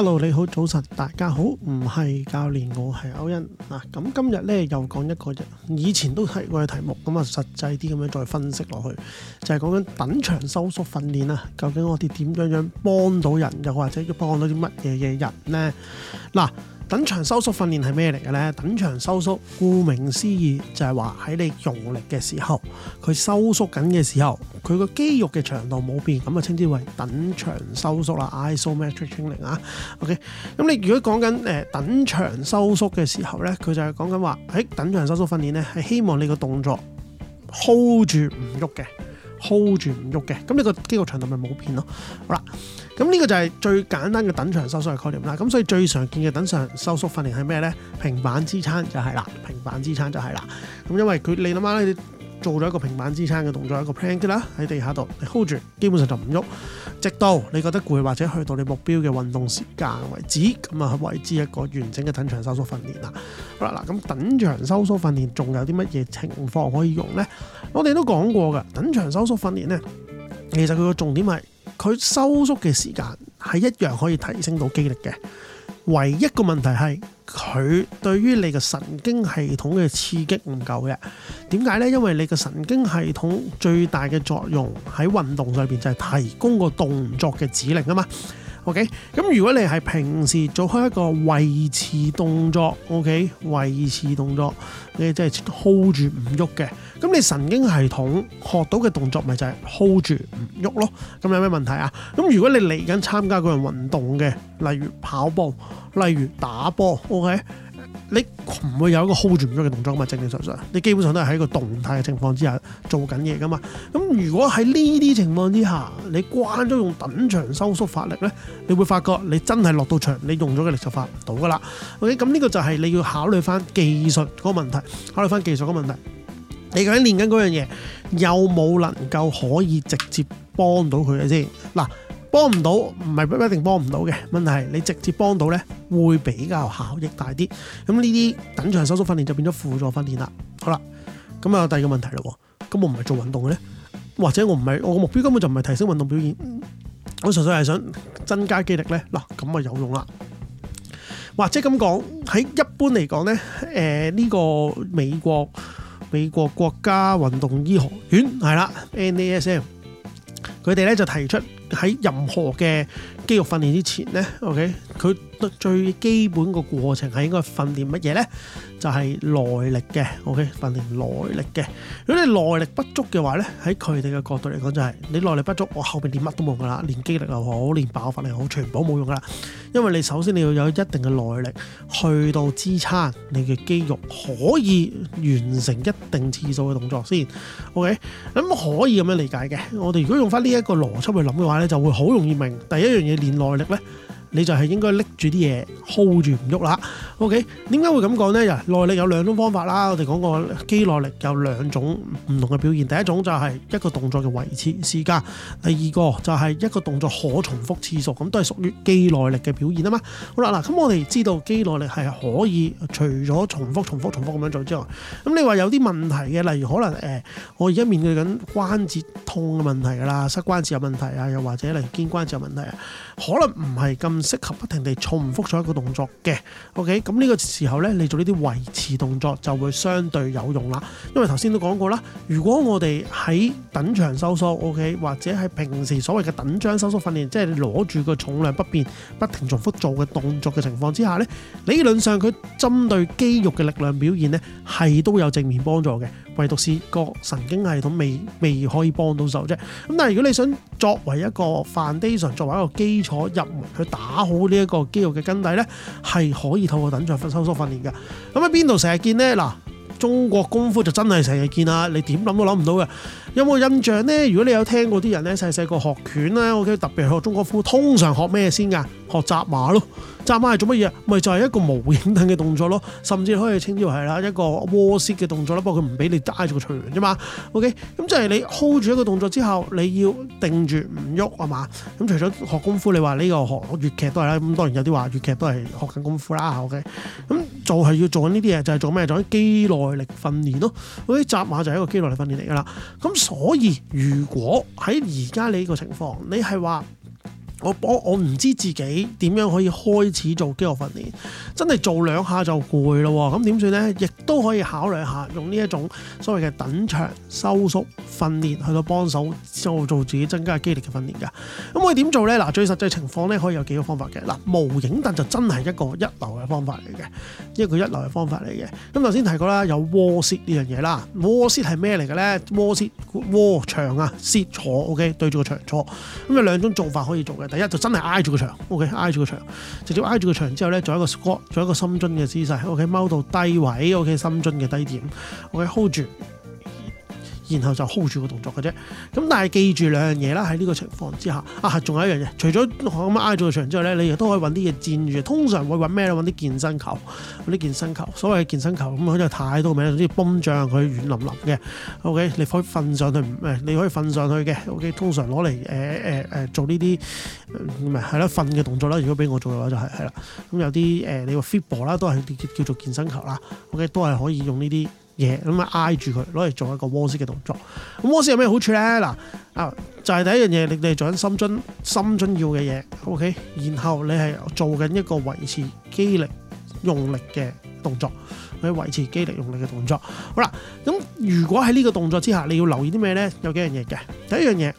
hello，你好早晨，大家好，唔係教練，我係歐恩嗱，咁今日咧又講一個嘢，以前都提過嘅題目，咁啊實際啲咁樣再分析落去，就係講緊等長收縮訓練啊，究竟我哋點樣樣幫到人，又或者要幫到啲乜嘢嘅人呢？嗱。等長收縮訓練係咩嚟嘅咧？等長收縮，顧名思義就係話喺你用力嘅時候，佢收縮緊嘅時候，佢個肌肉嘅長度冇變，咁啊稱之為等長收縮啦 （Isometric Training） 啊。OK，咁你如果講緊誒等長收縮嘅時候咧，佢就係講緊話喺等長收縮訓練咧，係希望你個動作 hold 住唔喐嘅，hold 住唔喐嘅，咁你個肌肉長度咪冇變咯。好啦。咁呢個就係最簡單嘅等長收縮嘅概念啦。咁所以最常見嘅等長收縮訓練係咩呢？平板支撐就係啦，平板支撐就係啦。咁因為佢你諗下你做咗一個平板支撐嘅動作，一個 plank 啦，喺地下度你 hold 住，基本上就唔喐，直到你覺得攰或者去到你目標嘅運動時間為止，咁啊，為之一個完整嘅等長收縮訓練啦。好啦，嗱咁等長收縮訓練仲有啲乜嘢情況可以用呢？我哋都講過噶，等長收縮訓練呢，其實佢個重點係。佢收縮嘅時間係一樣可以提升到肌力嘅，唯一個問題係佢對於你嘅神經系統嘅刺激唔夠嘅。點解呢？因為你嘅神經系統最大嘅作用喺運動上邊就係提供個動作嘅指令啊嘛。OK，咁如果你係平時做開一個維持動作，OK，維持動作，你真係 hold 住唔喐嘅。咁你神經系統學到嘅動作咪就係 hold 住唔喐咯？咁有咩問題啊？咁如果你嚟緊參加嗰樣運動嘅，例如跑步，例如打波，OK，你唔會有一個 hold 住唔喐嘅動作，嘛？正正常常。你基本上都喺一個動態嘅情況之下做緊嘢噶嘛。咁如果喺呢啲情況之下，你慣咗用等長收縮發力咧，你會發覺你真係落到場，你用咗嘅力就發唔到噶啦。OK，咁呢個就係你要考慮翻技術嗰個問題，考慮翻技術嗰個問題。考你究竟練緊嗰樣嘢有冇能夠可以直接幫到佢嘅先？嗱，幫唔到唔係不一定幫唔到嘅。問題係你直接幫到咧，會比較效益大啲。咁呢啲等長收縮訓練就變咗輔助訓練啦。好啦，咁啊第二個問題咯。咁我唔係做運動嘅咧，或者我唔係我個目標根本就唔係提升運動表現，我純粹係想增加肌力咧。嗱，咁啊有用啦。或者咁講喺一般嚟講咧，呢、呃呢個美國。美國國家運動醫學院係啦，NASM，佢哋咧就提出喺任何嘅肌肉訓練之前咧，OK，佢最基本個過程係應該訓練乜嘢咧？就係耐力嘅，OK，訓練耐力嘅。如果你耐力不足嘅話呢，喺佢哋嘅角度嚟講就係，你耐力不足，我後邊練乜都冇用噶啦，練肌力又好，練爆發力又好，全部冇用噶啦。因為你首先你要有一定嘅耐力去到支撐你嘅肌肉可以完成一定次數嘅動作先，OK。咁可以咁樣理解嘅。我哋如果用翻呢一個邏輯去諗嘅話呢就會好容易明，第一樣嘢練耐力呢。你就係應該拎住啲嘢 hold 住唔喐啦。OK，點解會咁講呢？又耐力有兩種方法啦。我哋講過肌耐力有兩種唔同嘅表現，第一種就係一個動作嘅維持時間，第二個就係一個動作可重複次數，咁都係屬於肌耐力嘅表現啊嘛。好啦，嗱，咁我哋知道肌耐力係可以除咗重複、重複、重複咁樣做之外，咁你話有啲問題嘅，例如可能誒、呃，我而家面對緊關節痛嘅問題噶啦，膝關節有問題啊，又或者例如肩關節有問題啊，可能唔係咁。唔適合不停地重複做一個動作嘅，OK，咁呢個時候呢，你做呢啲維持動作就會相對有用啦。因為頭先都講過啦，如果我哋喺等長收縮，OK，或者係平時所謂嘅等張收縮訓練，即係攞住個重量不變，不停重複做嘅動作嘅情況之下呢，理論上佢針對肌肉嘅力量表現呢，係都有正面幫助嘅，唯獨是個神經系統未未可以幫到手啫。咁但係如果你想作為一個 foundation，作為一個基礎入門去打。打好呢一個肌肉嘅根底呢，係可以透過等長訓收縮訓練嘅。咁喺邊度成日見呢？嗱，中國功夫就真係成日見啦！你點諗都諗唔到嘅。有冇印象呢？如果你有聽過啲人呢，細細個學拳呢，OK 特別學中國功夫，通常學咩先㗎？學紮馬咯，紮馬係做乜嘢咪就係、是、一個無影燈嘅動作咯，甚至可以稱之為係啦一個 wall sit 嘅動作啦。它不過佢唔俾你挨住個牆啫嘛。OK，咁即係你 hold 住一個動作之後，你要定住唔喐啊嘛。咁除咗學功夫，你話呢個學粵劇都係啦。咁當然有啲話粵劇都係學緊功夫啦。OK，咁就係要做緊呢啲嘢，就係、是、做咩？做緊肌耐力訓練咯。嗰啲紮馬就係一個肌耐力訓練嚟噶啦。咁所以如果喺而家你呢個情況，你係話。我我唔知自己點樣可以開始做肌肉訓練，真係做兩下就攰咯喎，咁點算呢？亦都可以考慮下用呢一種所謂嘅等長收縮訓練去到幫手做做自己增加的肌力嘅訓練嘅。咁可以點做呢？嗱，最實際情況呢，可以有幾個方法嘅。嗱，無影凳就真係一個一流嘅方法嚟嘅，一個一流嘅方法嚟嘅。咁頭先提過啦，有 wall sit 呢樣嘢啦，wall sit 係咩嚟嘅呢？wall sit，wall 牆啊，sit 坐，OK，對住個牆坐。咁有兩種做法可以做嘅。第一就真係挨住個牆，OK，挨住個牆，直接挨住個牆之後咧，做一個 squat，做一個深蹲嘅姿勢，OK，踎到低位，OK，深蹲嘅低點，OK，hold 住。然後就 hold 住個動作嘅啫，咁但係記住兩樣嘢啦。喺呢個情況之下，啊，仲有一樣嘢，除咗咁挨住個牆之外咧，你亦都可以揾啲嘢墊住。通常會揾咩咧？揾啲健身球，嗰啲健身球。所謂健身球咁，佢就太多名，總之泵脹佢軟淋淋嘅。OK，你可以瞓上去唔誒？你可以瞓上去嘅。OK，通常攞嚟誒誒誒做呢啲唔係係啦瞓嘅動作啦。如果俾我做嘅話就係係啦。咁有啲誒、呃，你 fitball 啦都係叫做健身球啦。OK，都係可以用呢啲。嘢咁啊，挨住佢，攞嚟做一個波式嘅動作。咁波式有咩好處咧？嗱啊，就係、是、第一樣嘢，你哋做緊深蹲，深蹲要嘅嘢，O K。OK? 然後你係做緊一個維持肌力用力嘅動作，去維持肌力用力嘅動作。好啦，咁如果喺呢個動作之下，你要留意啲咩咧？有幾樣嘢嘅。第一樣嘢，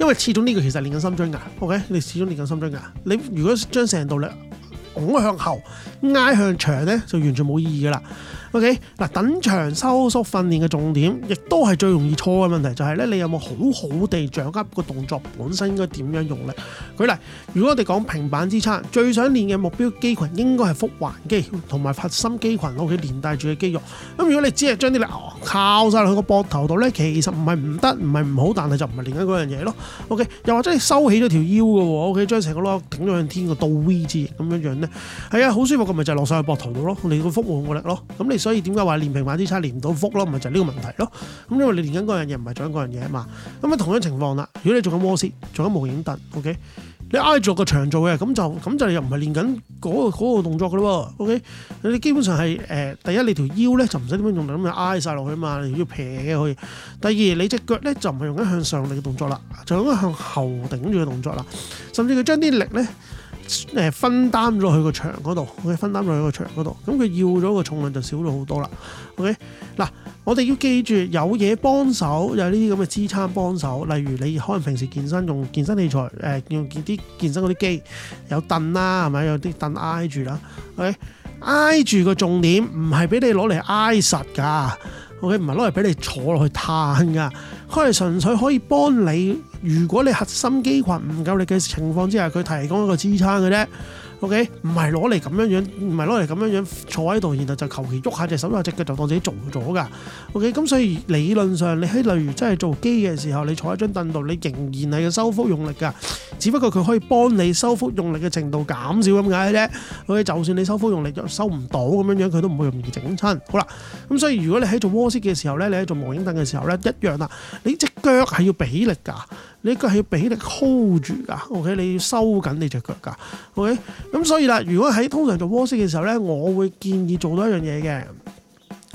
因為始終呢個其實練緊深蹲噶，O K。OK? 你始終練緊深蹲噶。你如果將成道力拱向後，挨向牆咧，就完全冇意義噶啦。O.K. 嗱，等長收縮訓練嘅重點，亦都係最容易錯嘅問題，就係咧，你有冇好好地掌握個動作本身應該點樣用力？舉例，如果我哋講平板支撐，最想練嘅目標肌群應該係腹橫肌同埋核心肌群，我屋企連帶住嘅肌肉。咁如果你只係將啲力靠晒去個膊頭度咧，其實唔係唔得，唔係唔好，但係就唔係另一樣嘢咯。O.K. 又或者你收起咗條腰嘅喎，O.K. 將成個攞頂咗向天個倒 V 字咁樣樣咧，係啊，好舒服嘅咪就係落曬去膊頭度咯，你個腹冇咁嘅力咯，咁你。所以點解話練平板啲差練唔到腹咯？咪就係呢個問題咯。咁因為你練緊嗰樣嘢唔係做緊嗰樣嘢啊嘛。咁啊同樣情況啦，如果你做緊摩姿，做緊無影櫈，O K。OK? 你挨著長做、嗰個牆做嘅，咁就咁就又唔係練緊嗰嗰個動作嘅咯喎。O K。你基本上係誒、呃、第一你條腰咧就唔使點樣用力咁挨晒落去啊嘛，你要平嘅可以。第二你隻腳咧就唔係用緊向上力嘅動作啦，就用緊向後頂住嘅動作啦，甚至佢將啲力咧。誒、呃，分擔咗去個牆嗰度，佢，okay, 分擔咗去個牆嗰度，咁佢要咗個重量就少咗好多啦。OK，嗱，我哋要記住有嘢幫手，有呢啲咁嘅支撐幫手，例如你可能平時健身用健身器材，誒、呃，用啲健身嗰啲機，有凳啦，係咪有啲凳挨住啦？OK，挨住個重點不是你來挨的，唔係俾你攞嚟挨實噶，OK，唔係攞嚟俾你坐落去嘆噶。佢係純粹可以幫你，如果你核心肌群唔夠力嘅情況之下，佢提供一個支撐嘅啫。O.K. 唔係攞嚟咁樣樣，唔係攞嚟咁樣樣坐喺度，然後就求其喐下隻手啊隻腳就當自己做咗噶。O.K. 咁所以理論上你喺例如真係做機嘅時候，你坐喺張凳度，你仍然係要收腹用力噶，只不過佢可以幫你收腹用力嘅程度減少咁解啫。O.K. 就算你收腹用力收唔到咁樣樣，佢都唔會容易整親。好啦，咁所以如果你喺做卧式嘅時候咧，你喺做無影凳嘅時候咧一樣啦，你即。腳係要俾力㗎，你腳係要俾力 hold 住㗎，OK？你要收緊你隻腳㗎，OK？咁所以啦，如果喺通常做卧式嘅時候咧，我會建議做多一樣嘢嘅，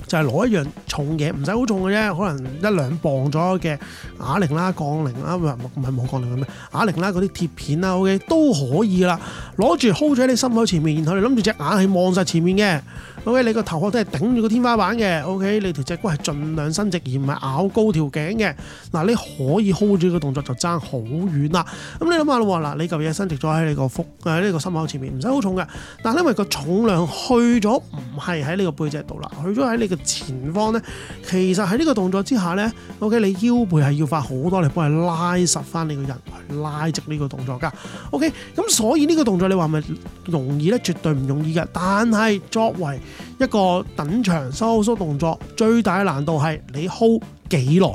就係、是、攞一樣重嘅，唔使好重嘅啫，可能一兩磅左右嘅啞鈴啦、槓鈴啦，唔係冇槓鈴嘅咩？啞鈴啦、嗰啲鐵片啦，OK？都可以啦，攞住 hold 住喺你心口前面，然後你諗住隻眼係望晒前面嘅。喂，okay，你個頭殼都係頂住個天花板嘅，OK？你條脊骨係盡量伸直，而唔係拗高條頸嘅。嗱，你可以 hold 住個動作就爭好遠啦。咁你諗下喇嗱，你嚿嘢伸直咗喺你個腹喺呢個心口前面，唔使好重嘅。但因為個重量去咗唔係喺你個背脊度啦，去咗喺你嘅前方咧。其實喺呢個動作之下咧，OK？你腰背係要發好多力幫你拉實翻你個人，去拉直呢個動作㗎。OK？咁所以呢個動作你話咪容易咧？絕對唔容易㗎。但係作為一個等長收縮動作最大嘅難度係你 hold 幾耐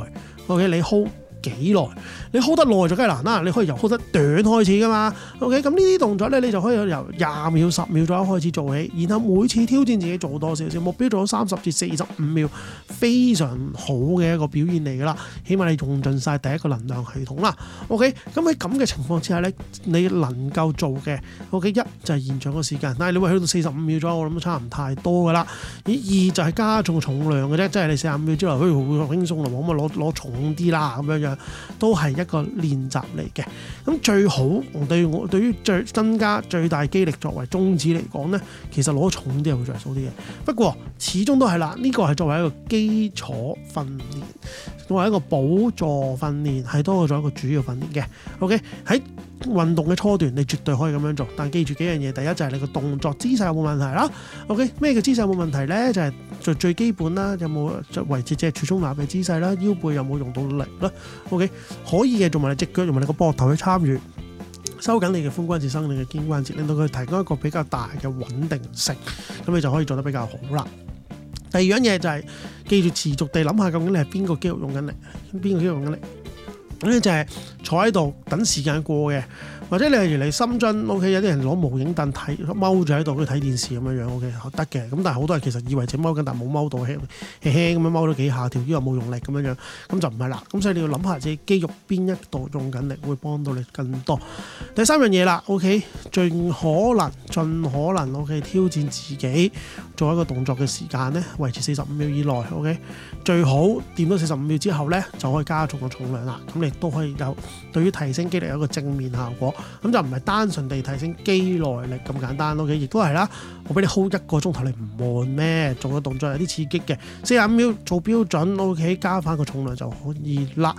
，OK？你 hold。幾耐？你 hold 得耐就梗係難啦。你可以由 hold 得短開始噶嘛。OK，咁呢啲動作咧，你就可以由廿秒、十秒左右開始做起，然後每次挑戰自己做多少少目標，做咗三十至四十五秒，非常好嘅一個表現嚟噶啦。起碼你用盡晒第一個能量系統啦。OK，咁喺咁嘅情況之下咧，你能夠做嘅 OK 一就係延長個時間，但係你會去到四十五秒左右，我諗都差唔太多噶啦。咦？二就係加重重量嘅啫，即係你四十五秒之內，譬如好輕鬆咁攞攞重啲啦，咁樣樣。都係一個練習嚟嘅，咁最好對我對於最增加最大肌力作為宗旨嚟講呢，其實攞重啲嘅會再著數啲嘅，不過始終都係啦，呢個係作為一個基礎訓練。作為一個輔助訓練，係多過做一個主要訓練嘅。O K，喺運動嘅初段，你絕對可以咁樣做，但記住幾樣嘢。第一就係、是、你個動作姿勢有冇問題啦。O K，咩嘅姿勢有冇問題咧？就係、是、最最基本啦，有冇維持脊柱中立嘅姿勢啦？腰背有冇用到力啦？O K，可以嘅，做埋你隻腳，用埋你個膊頭去參與，收緊你嘅髖關節、生理嘅肩關節，令到佢提供一個比較大嘅穩定性，咁你就可以做得比較好啦。第二樣嘢就係、是、記住持續地諗下，究竟你係邊個肌肉用緊力？邊個肌肉用緊力？咁咧就係、是、坐喺度等時間過嘅。或者你係嚟深圳，OK 有啲人攞無影凳睇踎住喺度去睇電視咁樣樣，OK 得嘅。咁、OK，但係好多人其實以為只踎緊，但係冇踎到，輕輕咁樣踎咗幾下，條腰又冇用力咁樣樣，咁就唔係啦。咁所以你要諗下自己肌肉邊一度用緊力會幫到你更多。第三樣嘢啦，OK 盡可能盡可能，OK 挑戰自己做一個動作嘅時間咧維持四十五秒以內，OK 最好掂到四十五秒之後咧就可以加重個重量啦。咁你都可以有對於提升肌力有一個正面效果。咁就唔係單純地提升肌耐力咁簡單，O K，亦都係啦。我俾你 hold 一個鐘頭，你唔悶咩？做個動作有啲刺激嘅，四十五秒做標準，O K，加翻個重量就可以啦。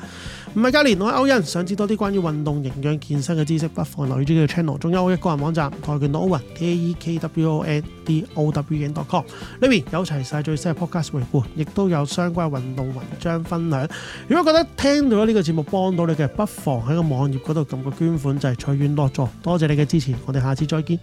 唔係嘉年，我係歐恩。想知道多啲關於運動營養健身嘅知識，不妨留意呢個 channel。仲有我嘅個人網站跆拳道歐恩，T A E K W O N D O W N dot com。呢邊有齊晒最新 podcast 回顧，亦都有相關運動文章分享。如果覺得聽到呢個節目幫到你嘅，不妨喺個網頁嗰度撳個捐款掣。緣樂助，多謝你嘅支持，我哋下次再見。